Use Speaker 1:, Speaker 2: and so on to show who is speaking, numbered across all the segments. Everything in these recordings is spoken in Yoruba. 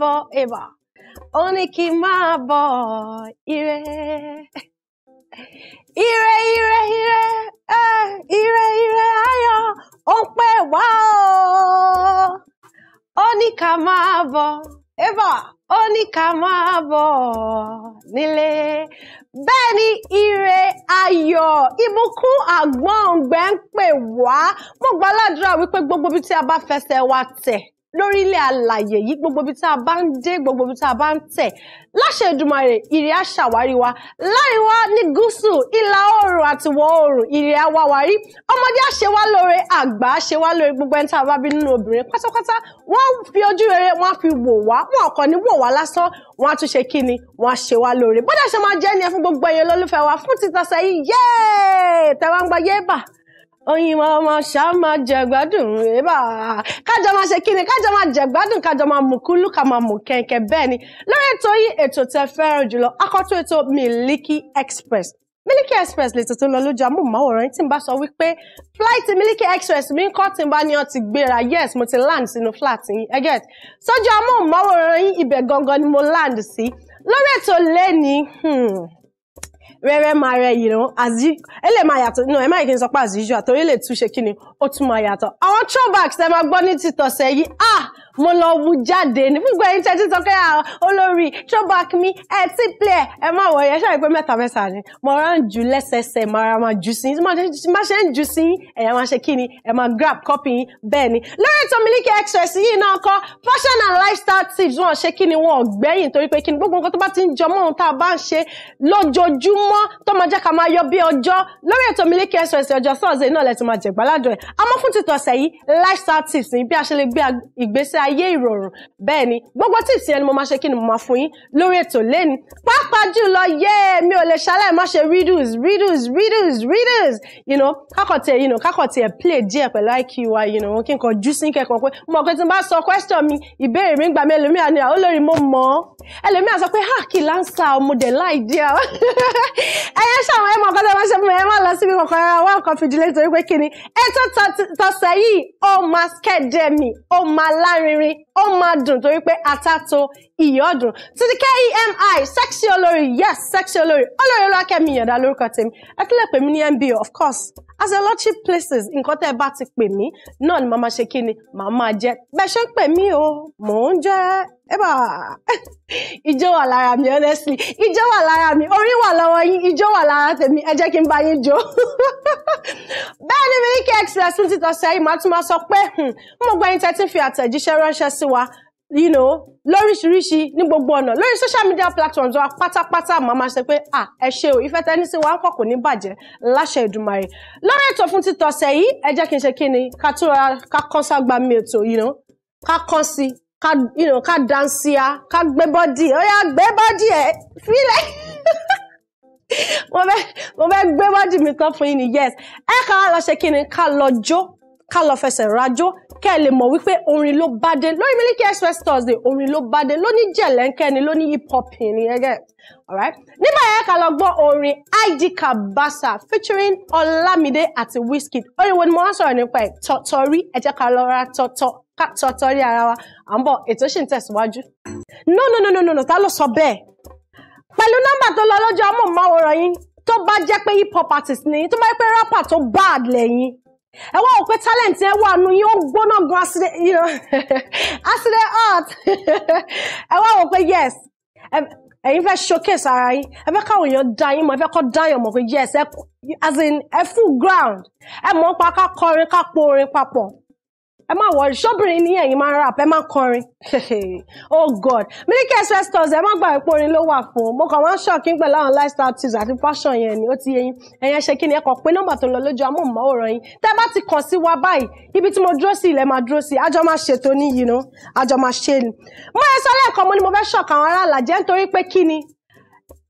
Speaker 1: bọ̀ ẹ̀bà ó ní kí ire ire ire ire eh, ire ire ayo, ó wa, pè wá o ó ní ká máa bọ̀ ẹ̀bà ó ní ká máa bọ̀ nílé bẹ́ẹ̀ ni ire ayọ̀ ìbùkún àgbọ̀ǹgbẹ̀ ń pè wá mo gbàládùra wípé gbogbo ibi tí a bá fẹsẹ̀ wa tẹ̀ lórílẹ̀ alàyè yìí gbogbo ibi tá a bá ń dé gbogbo ibi tá a bá ń tẹ̀ láṣẹ Èdùmàrè ìrì á ṣàwárí wa láríwá ní gúúsù ìlà oòrùn àti ìwọ̀ oòrùn ìrì á wá wa rí ọmọdé á ṣe wá lóore àgbà á ṣe wá lóore gbogbo ẹni tá a bá bí nínú obìnrin pátápátá wọ́n fi ojú rere wọ́n á fi wò wá wọn ò kàn ní wò wá lásán wọ́n á tún ṣe kí ni wọ́n á ṣe wá lóore bọ́dà ṣe máa jẹ́ ni ẹ fún gbogbo ẹ̀yin olólùfẹ́ wa fún títàṣẹ́ yìí yéé tẹ́wọ́n gbọ́ yéé bà oyin ọmọ ṣá máa jẹ gbádùn rèébà kájọ máa ṣe kíni kájọ máa jẹ gbádùn kájọ máa mú kúlú ká máa mú kẹ̀kẹ́ bẹ́ẹ̀ ni lórí ètò yìí ètò tẹ fẹ́ràn jùlọ akọ́tún ètò Miliki Express Miliki Express lè tuntun lọ lójú amóhùnmáwòrán tí n bá sọ wípé flight Miliki Express mi ń kọ́ tí n bá ní ọ ti gbéra yes mo ti land sínú flat yín ẹ get sójú amóhùnmáwòrán yín ibẹ̀ gangan ni mo land sí lórí ètò lẹ́ni hmm, rẹ́rẹ́ máa rẹ yìí rán àzí ẹ lè máa yàtọ̀ náà ẹ má yẹ kí n sọ pé àzí yíyọ àtọ́rí lè túnṣe kí ni ó tún máa yàtọ̀ àwọn throwbacks ẹ máa gbọ́ ní títọ̀sẹ̀ yìí ah mo lọ mú jáde ní gbogbo ẹ̀yin tẹ́tí sọ pé ah, olórí throwback mi ẹ ti play ẹ má wọ̀ ẹ ṣáà pé mẹ́ta mẹ́ta ni mo rà ń jù lẹ́sẹsẹ mo rà máa jù sí má ṣe ń jù sí ẹ̀yà máa ṣe kí ni ẹ̀ máa grab copy yín bẹ́ẹ̀ ni lórí ètò Miliki Express yìí náà kọ́ fashion and lifestyle tips wọn ṣe kí ni wọn ò gbẹ́yìn torí pé kí ni gbogbo nǹkan tó bá ti ń jọmọ́ ohun tá a bá ń ṣe lójoojúmọ́ tó máa jẹ́ ká máa yọ bí ọjọ́ lórí ètò Miliki Express ọjọ́ sọ́ọ̀sẹ̀ náà lẹ́tọ̀ lifestyle tips ni bí a ṣe ayé ìrọ̀rùn bẹ́ẹ̀ ni gbogbo tips yẹn ni mo máa ṣe kí ni mo máa fún yín lórí ètò lẹ́ni pàápàá jùlọ yẹ́ mi ò lè ṣaláì má ṣe riddles riddles riddles riddles you know kákọ̀tì ẹ̀ you know kákọ̀tì ẹ̀ play díẹ̀ pẹ̀lú IQ wa you know kí n kàn jú sí kẹ́kọ̀ọ́ pé mo kàn ti bá sọ question mi ìbéèrè mi gbà mí ẹlòmíà ni àwọn olórí mo mọ̀ ọ́ ẹlòmíà sọ pé ha kí láǹsà ọmọdé láì díẹ̀ ẹ̀yẹ ṣàwọn síbi kankan rárá wá nǹkan fìdílé torí pé kí ni ètò tọ̀sẹ̀ yìí ó máa kẹ́dẹ̀mì ó máa lárinrin ó máa dùn torí pé ata tó ìyọ́dún ti di kemi sexy olórí yes sexy olórí olórí olókẹ́mi ìyàndá lórúkọ tèmi ẹ tún lè pè mí ní mbo of course as a lot of places nǹkan tẹ́ ẹ bá ti pè mí náà ni màá máa ṣe kí ni màá máa jẹ bẹ́ẹ̀ ṣe ń pè mí o mò ń jẹ́ ẹ̀bà ìjọ wà lára mi honestly ìjọ wà lára mi orí wà lọ́wọ́ yín ìjọ wà lára tèmi ẹ jẹ́ kí n bá yín jó bẹ́ẹ̀ ni Miliki Express ti tọ̀sẹ̀ yìí màá tún máa sọ pé hmm, mo gbọ́ tẹ́tí fi àtẹ̀jíṣẹ́ ránṣẹ́ sí wa you know lóríṣiríṣi ní gbogbo ọ̀nà lórí social media platforms wa pátápátá màá máa ṣe pé à ẹ ṣe o ìfẹ́ tẹ́ni sí wa ń kọ̀ kò ní bàjẹ́ láṣẹ Èdùmàrè lórí ètò fún títọ̀sẹ̀ yìí ẹ jẹ́ kí n ṣe kí ni ká tó ra ká kán ságbá mi ètò you know ká kán sí ká you know ká dansia ká gbé bọ́dì ó yá gbé bọ́dì ẹ̀ fílẹ̀ mo fẹ́ gbé bọ́dì mi kan fún yín ni yes ẹ ká lọ ṣe kí ni ká lọ jó ká lọ fẹsẹ̀ rajó kẹ́ ẹ lè mọ̀ wípé orin ló bá dé lórí Miliki Express Thursday orin ló bá dé ló ní jẹ̀lẹ́ńkẹ́ ni ló ní hip hop ni gẹ́gẹ́ alright nígbà yẹn ká lọ gbọ́ orin ID Kabasa featuring Olamide àti Wizkid orin wo ni mo wá sọ̀rọ̀ nípa ẹ̀ tọ̀tọ̀rí ẹ jẹ́ ká lọ ra tọ̀tọ̀ tọ̀tọ̀rí ara wa à ń bọ̀ ètò ṣì ń tẹ̀síwájú no no no no no no ta ló sọ bẹ́ẹ̀ pẹ̀lú nọ́mbà tó lọ lọ́jọ́ amóhùnmáwòrán yín tó bá jẹ́ pé hip hop artist ni tó bá jẹ́ pé rapper tó bad lẹ́yìn ẹ wá òpin talent ẹ wá nu yóò gbóná gan accident you know accident art ẹ wá òpin yes ẹ̀yin fẹ́ showcase ara yín ẹ fẹ́ káwọn èèyàn dá yín mọ̀ ẹ fẹ́ kọ́ dá yín mọ̀ pé yes ẹ as in ẹ full ground ẹ mọ̀ pa ká kọrin ká po orin ẹ má wọ ṣọ́bìnrin ní ẹ̀yin máa ń rap ẹ má kọrin oh god Miliki Express Thursday ẹ má gba ìpò orin ló wà fún mo kàn wá ń ṣọ́ọ̀kì ń pẹ̀ láwọn lifestyle tips àti fashion yẹn ni ó ti yẹ yín ẹ̀yẹn ṣe kí ni ẹ kàn pé nọ́mbà tó ń lọ lójú amóhùnmáwòrán yín tẹ́ bá ti kàn sí wa báyìí ibi tí mo dúró sí ilẹ̀ máa dúró sí àjọ máa ṣètò ní yìí ná àjọ máa ṣe ni. mo yẹ sọ lẹ́ẹ̀kan mo ni mo fẹ́ ṣọ̀kà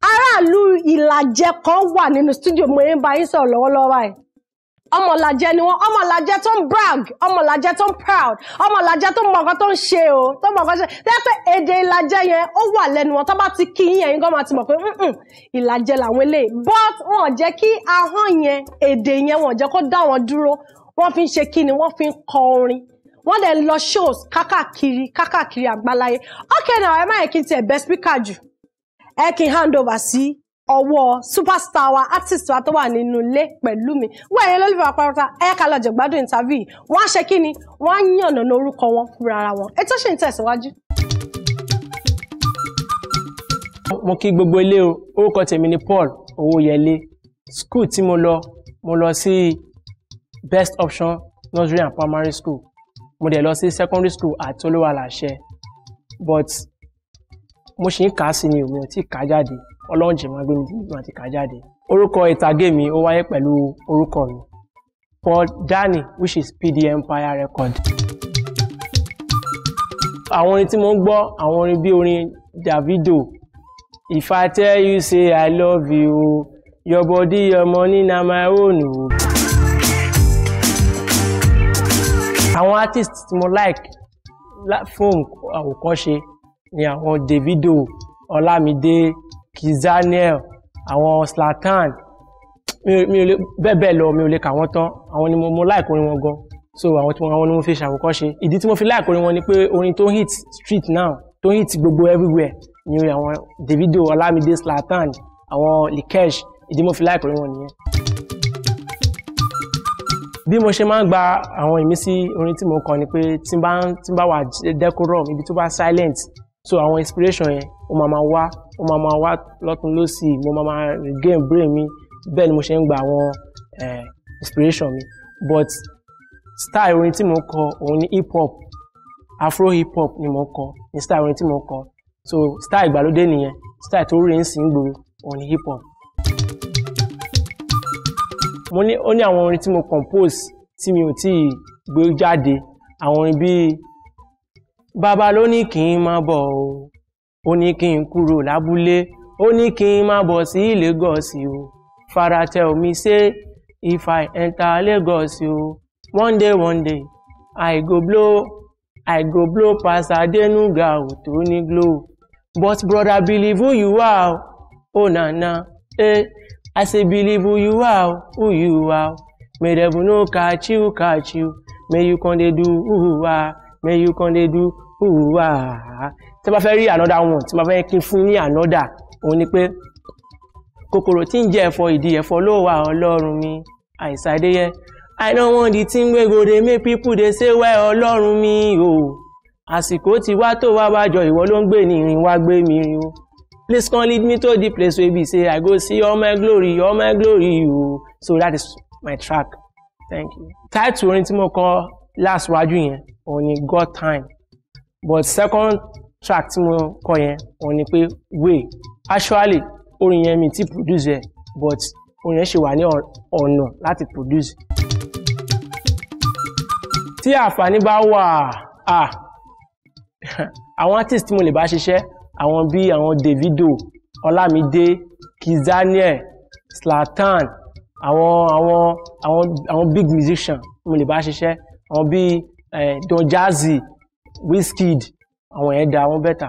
Speaker 1: aráàlú ìlàjẹ kan wà nínú stúdíò mo ń bá yín sọ̀rọ̀ lọ́wọ́lọ́wọ́ báyìí ọmọlàjẹ ni wọn ọmọlàjẹ tó ń brag ọmọlàjẹ tó ń proud ọmọlàjẹ tó mọ nǹkan tó ń ṣe o tó mọ nǹkan ṣe tẹ́pẹ́ èdè ìlàjẹ yẹn ó wà lẹ́nu wọn tó bá ti kí yín ẹ̀yin gan máa ti mọ̀ pé ìlàjẹ làwọn eléyìí but wọn ò jẹ́ kí ahọ́n yẹn èdè yẹn wọn ò jẹ́ kó dá wọn dúró wọ́n fi ń ṣe kí ni wọ́n fi ń kọ orin wọ́n dẹ̀ lọ shows kákàkiri kákàkiri àgbáláyé okay now ẹ má yẹ kí n tiẹ̀ best speaker jù ẹ kí n hand over sí ọwọ́ superstar wa artist wa tó wà nínú ilé pẹ̀lú mi wọ́n ẹ̀yẹ lólùfẹ́ apáráta ẹ̀yà ká lọ jẹ̀gbádùn interview wọ́n á ṣe kí ni wọ́n á yànnà lórúkọ wọn fúnra ara wọn ètò ṣì ń tẹ̀síwájú.
Speaker 2: mo kí gbogbo ilé o orúkọ tèmi ni Paul Owóyẹlé school tí mo lọ mo lọ sí best option nursery and primary school mo dẹ̀ lọ sí secondary school àti olówó àlàṣẹ but mo ṣì ń kà á sí ni o mi ò tí ì kà á jáde ọlọ́run jì máa gbé mi dìbò tí màá ti kà jáde orúkọ ìtàgé mi ó wáyé pẹ̀lú orúkọ mi Paul Dani which is PD Empire Record. àwọn orin tí mo ń gbọ́ àwọn orin bíi orin Davido If I tell you say I love you your body your money na my own o. àwọn artist tí mo like fún àwòkọ́ṣe ni àwọn Davido Ọlámidé kizaniel àwọn slatan mi ò lè bẹ́ẹ̀ bẹ́ẹ̀ lọ mi ò lè kà wọ́n tán àwọn ni mo mo like orin wọn gan so àwọn tí àwọn ni mo fi ṣàwòkọ́ṣe ìdí tí mo fi like orin wọn ni pé orin tó hit street now tó hit gbogbo everywhere ni àwọn Davido Olamide slatan àwọn likesh ìdí mo fi like orin wọn nìyẹn. bí mo ṣe máa ń gba àwọn ìmísí orin tí mo kọ ni pé tí n bá wà decorum ibi tó bá silent so àwọn inspiration yẹn ó máa máa wá ó máa máa wá lọ́tún lọ́sì mo máa máa regain brain mi bẹ́ẹ̀ ni mo ṣe ń gba àwọn inspiration mi but style orin tí mo kọ òun ni hip hop afro hip hop ni mo kọ ni style orin tí mo kọ so style ìgbàlódé nìyẹn style tó rí ń sìn gbòòrò òun ni hip hop. mo ní ó ní àwọn orin tí mo compose tí mi ò tí ì gbé jáde àwọn orin bíi bàbá ló ní kí n má bọ̀ o ó ní kí n kúrò lábúlé ó ní kí n má bọ̀ sí Lagos o Fara tell me say if I enter Lagos o one day one day I go blow I go blow pass Adenuga o tó ní glow but brother believe who you are o oh, na na eh I say believe who you are who you are may devil no catch you catch you may you come dey do who you are may you come dey do. Ah. tí bá fẹ́ rí another one tí bá fẹ́ kí fún ní another òun ni pé kòkòrò tí ń jẹ ẹ̀fọ́ ìdí ẹ̀fọ́ ló wà ọlọ́run mi àìsàn adéyẹ i don't want the thing wey go dey make people dey say well ọlọ́run mi o àsìkò ti wá tó wá wájọ ìwọ ló ń gbé ní ìrìn wá gbé mi o please come lead me to the place wey be say i go see all my glory all my glory o so that is my track thank you. title orin tí mo kọ last wájú yẹn òun ni god time but second track tí mo kọ yẹn òun ni pé way actually orin yẹn mi ti produce ẹ but orin yẹn ṣì wà ní ọ̀nà láti produce. tí àǹfààní bá wà á àwọn artist tí mo lè bá ṣiṣẹ́ àwọn bíi àwọn Davido Ọlámídé Kizz Daniel Zlatan àwọn àwọn àwọn àwọn big musicians mo lè bá ṣiṣẹ́ àwọn bíi eh, Don Jazzy Whiskeyed, àwọn yẹn da wọn bẹ́tà.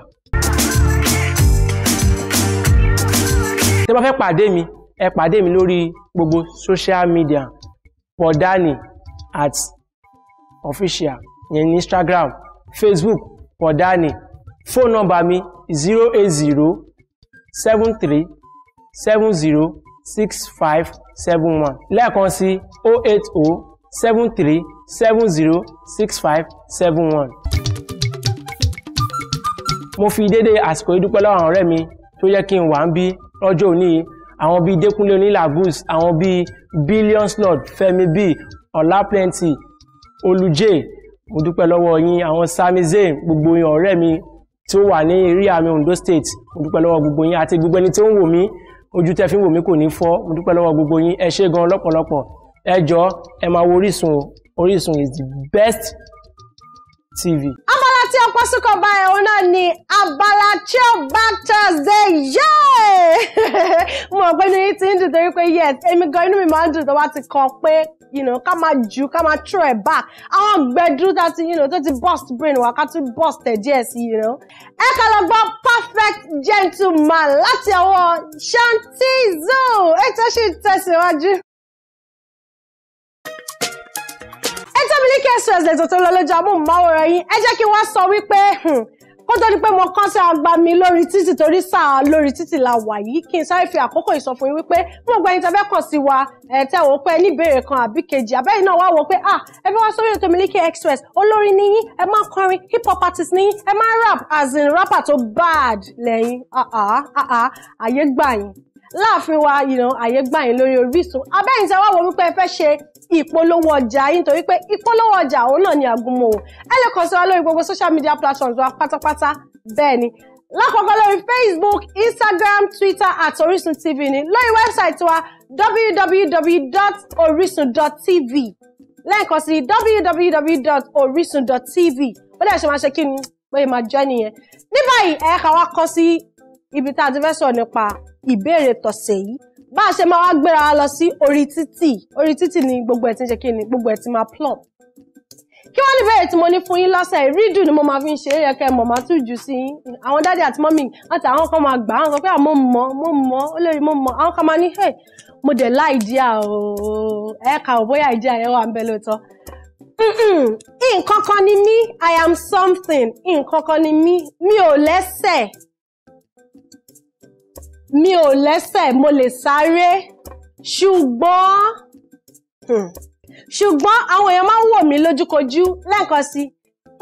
Speaker 2: tẹ́ bá fẹ́ pàdé mi ẹ pàdé mi lórí gbogbo social media Podani at official yẹn ní Instagram Facebook Podani phone number mi zero eight zero seven three seven zero six five seven one lẹ́ẹ̀kan sí o oh eight o oh seven three seven zero six five seven one mo fi dédé àsìkò yìí dúpẹ́ lọ́wọ́ àwọn ọ̀rẹ́ mi tó yẹ kí n wà ń bí lọ́jọ́ òní àwọn bíi Dékúnlé Onílagus àwọn bíi Billions Lord Fẹ́mi b ọlá plenty olùjẹ mo dúpẹ́ lọ́wọ́ yín àwọn samize gbogbo yín ọ̀rẹ́ mi tí wà ní eré àmì Ondo State mo dúpẹ́ lọ́wọ́ gbogbo yín àti gbogbo ẹni tí ó ń wò mí ojú tẹ́ fi ń wò mí kò ní fọ́ mo dúpẹ́ lọ́wọ́ gbogbo yín ẹ ṣé gan lọ́pọ̀lọpọ̀ ẹ jọ̀ọ́ ẹ máa wo Orísun Orísun is the best TV
Speaker 1: tí ọ̀pọ̀ sùkọ̀ báyìí òun náà ni abala chill back Thursday yay mo mọ̀ pé inú yìí ti ń dùn torí pé yes èmi gan inú mi máa ń dùn tó bá ti kọ pé you know, ká máa jù ká máa throw it back àwọn gbẹdú tá ti you know, tó ti burst brain wa ká tún burst ẹ̀ díẹ̀ sí you know. ẹ ká lọ gbọ́ perfect gentleman láti ọwọ́ Shantizo ètò ṣì tẹ̀síwájú. Miliki Express lẹ́tọ̀ tó lọ lójú amóhùnmáwòrán yín ẹ jẹ́ kí wọ́n sọ wípé hmm, kó tó di pé mo kán sí agba mi lórí títì torí sáà lórí títì la wà yìí kí n sáré fi àkókò ìsọfún yín wípé mo gba ẹyin tàbí kàn sí wa ẹ tẹ wò pé ní ìbéèrè kan àbí kejì abẹ́yìn náà wá wò pé ah ẹ fẹ́ wá sórí ètò Miliki Express olórin ni yín ẹ máa kọrin hip hop artist ni yín ẹ máa rap as in rapper tó bad lẹ́yìn àyè ah, ah, ah, gbà yín láàfin wa àyè gbà yín lórí Orísun abẹ́yìn tí a wá wọ wípé ẹ fẹ́ ṣe ìpolówó ọjà yín torí pé ìpolówó ọjà òun náà ni àgúnmọ̀ o ẹ lè kàn sí wa lórí gbogbo social media platforms wa pátápátá bẹ́ẹ̀ ni lákọ̀ọ́kọ́ lórí Facebook Instagram Twitter àti Orísun TV ni lórí wẹ́bsáìtì wa www.orisun.tv lẹ́ẹ̀kan sí www.orisun.tv ó dẹ̀ ṣe máa ṣe kí ni bóyá máa jẹ́ nìyẹn ní báyìí ẹ̀ka wa kọ́ sí ibi tá a ti fẹ́ sọ nípa ìbéèrè tọ̀sẹ̀ yìí bá a ṣe máa wá gbéra wa lọ sí orí títì orí títì ni gbogbo ẹ̀ ti ń ṣe kí ni gbogbo ẹ̀ ti máa plump kí wọ́n ní ìbéèrè tí mo ní fún yín lọ́sẹ̀ rídù ni mo máa fi ń ṣe é kẹ́ mọ̀ máa tún jù sí yín àwọn dáàdì àti mọ́mì àti àwọn kan máa gbà àwọn kan pé àmọ́ mọ́ mo mọ́ olórí mo mọ́ àwọn kan máa ní hey mo dẹ̀ láì díà ooo ẹ̀ka ò bóyá ìdí àyẹ̀ wà ń bẹ lóòótọ́. nǹkan kan ni mí I am something nǹkan kan ni mí mi ò lẹ́sẹ̀ mi ò lẹ́sẹ̀ mo lè sáré ṣùgbọ́n hmm, ṣùgbọ́n àwọn èèyàn máa ń wò mí lójúkojú lẹ́ẹ̀kan sí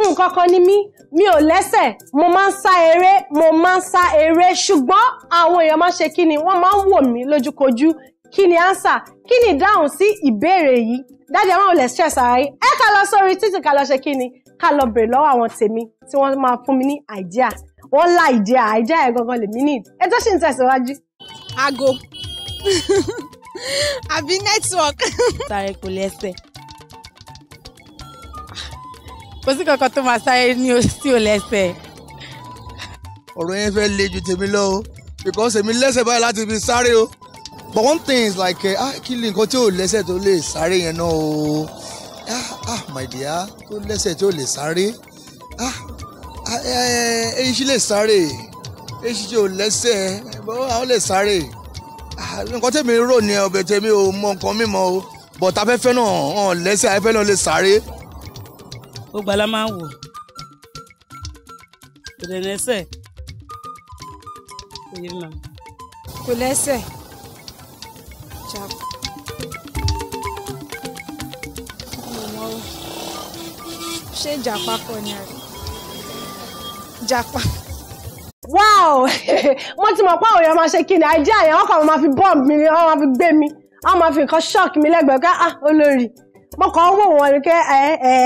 Speaker 1: nǹkan kan ni mí mi ò lẹ́sẹ̀ mo máa ń sá eré mo máa ń sá eré ṣùgbọ́n àwọn èèyàn máa ń ṣe kí ni wọ́n máa ń wò mí lójúkojú kí ni ánsà kí ni ìdáhùn sí ìbéèrè yìí dájú àwọn ò ṣe ṣàárẹ ẹ ká lọ sórí títí ká lọ ṣe kí ni lọ bèrè lọ́wọ́ àwọn tèmi tí wọ́n máa fún mi ní àìdíà wọ́n la ìjẹ́ àìjẹ́ ẹ̀ gangan lèmi ní ẹ tó sì ń tẹ̀síwájú. aago àbí network. sáré kò lè ẹsẹ̀ kò sí kankan tó máa sáré ní sí ò lẹ́sẹ̀.
Speaker 2: ọ̀rọ̀ yẹn fẹ́ le ju tèmi lọ o because èmi lẹ́sẹ̀ báyìí láti fi sáré o but one thing is like eh, ah kí ni nǹkan tí ò lẹ́sẹ̀ tó lè sáré yẹn náà o ah ah my dear tó lẹ́sẹ̀ tó lè sáré ah èyí sì lè sáré èyí sì ò lẹ́sẹ̀ àwọn lè sáré nǹkan tèmi rò ní ọbẹ̀ tèmi ò mọ nǹkan mímọ́ o bọ̀tà afẹ́fẹ́ náà hàn lẹ́sẹ̀ afẹ́fẹ́ náà lè sáré. ó gba la máa ń wò kò lè lẹ́sẹ̀ kò yé ma. kò lẹ́sẹ̀
Speaker 1: jákò. ṣé ìjàpá kọ́ ni àrè japa. wow wọ́n ti mọ̀ pé àwọn èèyàn máa ṣe kí ni àìjẹ́ àyẹ̀ wọ́n kàn máa fi bọ́ọ̀mù mi ni wọ́n máa fi gbé mi wọ́n máa fi nǹkan ṣọ́ọ̀kì mi lẹ́gbẹ̀ẹ́ ká ah olórí mo kàn ń wò wọ́n ni kẹ́ ẹ ẹ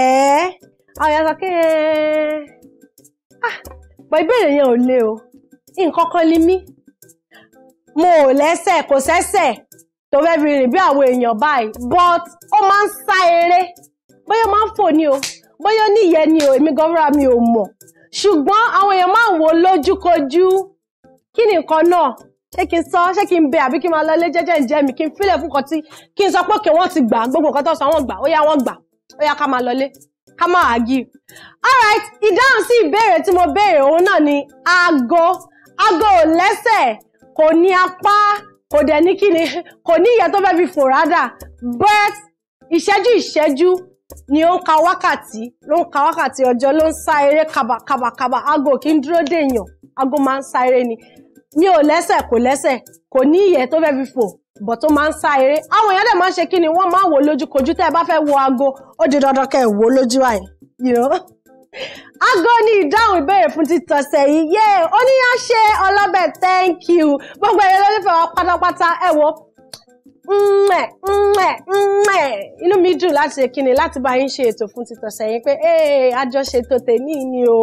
Speaker 1: àwọn èèyàn sọ kí ẹ ah pọ̀ ah. ìbéèrè yẹn ò le o nǹkan kan lé mi mo ò lẹ́sẹ̀ kò sẹ́sẹ̀ tó fẹ́ fi rìn bí àwọn èèyàn báyìí but ó máa ń sá eré bóyá ó máa ń fò ni o bóyá ó ní ìyẹn ni o èmi gan fúnra mi ò mọ̀ ṣùgbọ́n àwọn èèyàn máa ń wò lójúkojú kí ni nǹkan náà ṣé kí n sọ ṣé kí n bẹ àbí kí n máa lọ ilé jẹ́jẹ́ ǹjẹ́ mi kí n fílẹ̀ fún kan tí kí n sọ pé kí wọ́n ti gbà gbogbo nǹkan tó sọ wọ́n gbà ó yá wọ́n gbà ó yá ká máa lọlé ká máa àgì. alright ìdáhùn sí ìbéèrè tí mo béèrè òun náà ni aago aago ò lẹ́sẹ̀ kò ní apá kò dẹ̀ ní kíni kò ní ìyẹ́ tó fẹ́ fi fò rádà ìṣẹ́jú ìṣẹ́jú ni ó ń ka wákàtí ló ń ka wákàtí ọjọ́ ló ń sá eré kàbàkàbàkàbà aago kì í dúró dèèyàn aago máa ń sá eré ni mi ò lẹ́sẹ̀ kò lẹ́sẹ̀ kò ní ìyẹ́ tó fẹ́ fi fò bọ̀ tó máa ń sá eré àwọn èèyàn dẹ̀ máa ń ṣe kí ni wọ́n máa ń wò lójúkojú tẹ́ ẹ bá fẹ́ wo aago ó di dandan kẹ́ ẹ̀ wò lójú àì aago ni ìdáhùn ìbéèrè fún títọ̀sẹ̀ yìí yé oníyàn ṣe ọlọ́bẹ̀ thank you gbogbo ẹ̀yẹ lólùfẹ́ wa pátápátá ẹ̀ wò inú mi dùn láti ṣe kíni láti bá yín ṣe ètò fún títọ̀sẹ̀ yín pé àjọṣe tó tèmi ni o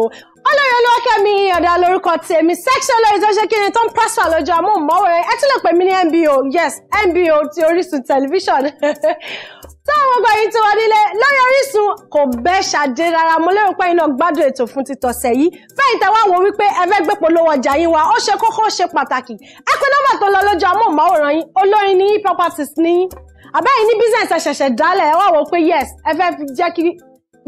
Speaker 1: olórí olókèmí ọ̀dà lórúkọ tèmi sẹ́kṣọ́ olórí tó ṣe kí ni tó ń pàṣẹ lójú amóhùnmáwòrán ẹ tún lè pè mí ní MBO yes MBO ti Orísun tẹlifíṣàn táwọn ọgbà yìí ti wà nílé lórí Orísun kò bẹ́ ṣàdé rárá mo lérò pé iná gbádùn ètò fún títọ̀sẹ̀ yìí fẹ́yìn tẹ́wọ́ àwọn wípé ẹ fẹ́ gbé polówó ọjà yín wa ó ṣe kókó ó ṣe pàtàkì ẹ pé nọ́mbà tó lọ lójú amóhùnmáwòrán yín olórin ní hip-hop artist ní àbẹ́yìn ní business ẹ̀ ṣẹ̀ṣẹ̀ dálẹ̀ ẹ wá wò pé yes ẹ fẹ́ jẹ́ kí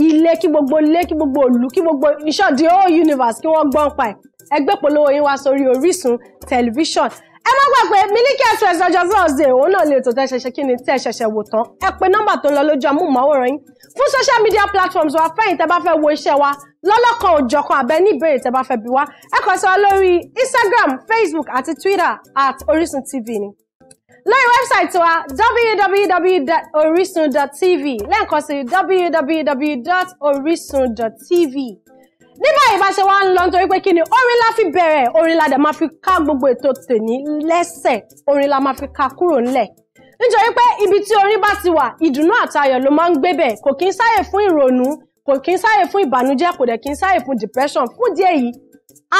Speaker 1: ilé kí gbogbo ilé kí gbogbo ìlú kí gbogbo iṣọ́ the whole universe kí wọ́n gbọ́n pa ẹ̀ ẹ gbé polówó yín wá sórí Orísun tẹlifíṣọ̀n ẹ má gbàgbé Miliki Express ọjọ́ Thursday òun náà lè tó tẹ́ ṣẹ̀ṣẹ̀ kí ni tẹ́ ṣẹ̀ṣẹ̀ wò tán ẹ pé nọ́mbà tó ń lọ lójú amóhùnmáwòrán yín fún social media platforms wa fẹ́yìn tẹ́ bá fẹ́ wo iṣẹ́ wa lọ́lọ́kan òjọ̀kan abẹ ní ìbéèrè tẹ́ bá fẹ́ bi wá ẹ kàn sọ lórí Instagram Facebook àti Twitter at Orisun TV ni lórí wẹ́bsáìtì wa www.orisun.tv lẹ́ẹ̀kan sí www.orisun.tv ní báyìí bá ṣe wá ń lọ nítorí pé kí ni orin la fi bẹ̀rẹ̀ orin la dẹ̀ máa fi ká gbogbo ètò tèmi lẹ́sẹ̀ orin la máa fi ká kúrò ńlẹ̀ nítorí pé ibi tí orin bá ti wà ìdùnnú àtayọ̀ ló máa ń gbé bẹ̀ kò kí ń sáyè fún ìrònú kò kí ń sáyè fún ìbànújẹ́ kò dẹ̀ kí ń sáyè fún depression fún díẹ̀ yìí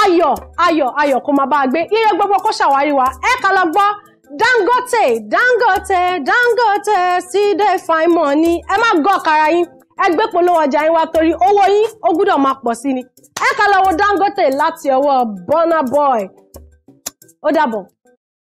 Speaker 1: ayọ̀ ayọ̀ ayọ̀ kó máa bá a gbé ire gbogbo kó ṣàwárí wa ẹ kà lọ gbọ́ Dangote Dangote Dangote see the fine money ẹ má gọ́ ọ̀kara yín ẹ gbé polówó ọjà yín wá torí owó yín ó gbúdọ̀ máa pọ̀ sí ni ẹ ká lọ wo Dangote láti ọwọ́ Burna Boy ó dàbọ̀.